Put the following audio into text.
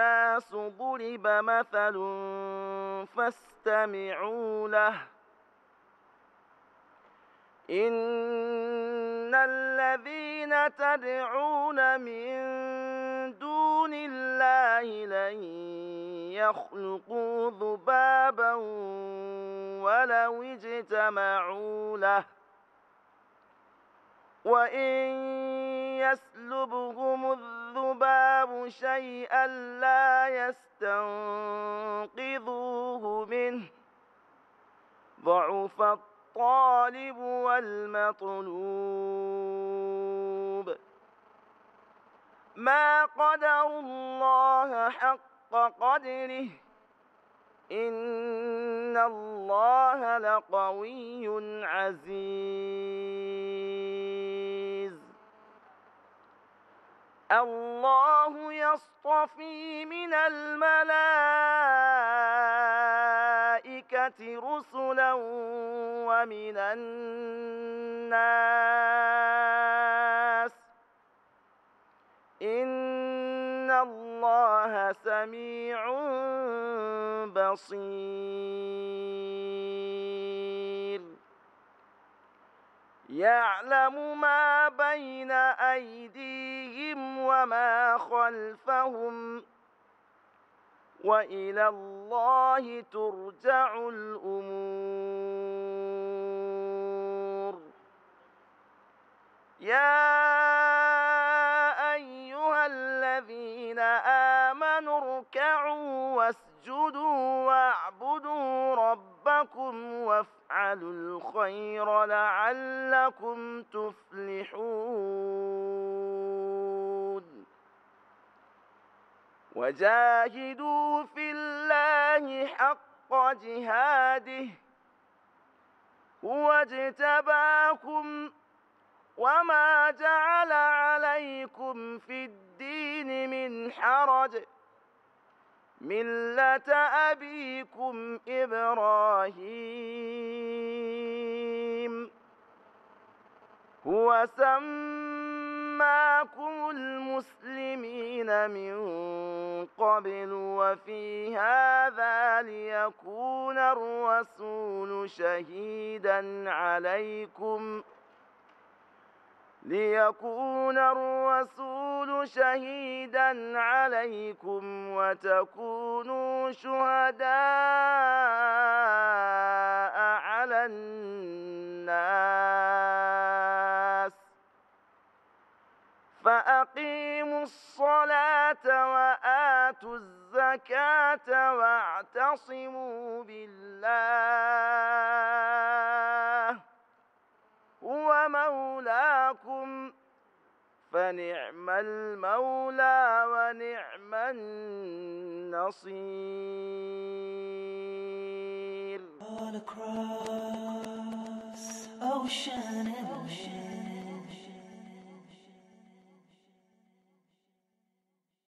الناس ضرب مثل فاستمعوا له إن الذين تدعون من دون الله لن يخلقوا ذبابا ولو اجتمعوا له وإن يسلبهم الذباب شيئا لا يستنقذوه منه ضعف الطالب والمطلوب ما قدر الله حق قدره إن الله لقوي عزيز الله يصطفي من الملائكة رسلا ومن الناس إن الله سميع بصير يعلم ما بين أيديهم وما خلفهم وإلى الله ترجع الأمور يا أيها الذين آمنوا آمنوا اركعوا واسجدوا واعبدوا ربكم وافعلوا الخير لعلكم تفلحون وجاهدوا في الله حق جهاده هو اجتباكم وما جعل عليكم في الدين من حرج ملة أبيكم إبراهيم هو سماكم المسلمين من قبل وفي هذا ليكون الرسول شهيدا عليكم ۖ ليكون الرسول شهيدا عليكم وتكونوا شهداء على الناس فأقيموا الصلاة وآتوا الزكاة واعتصموا بالله هو مولاه فنعم المولى ونعم النصير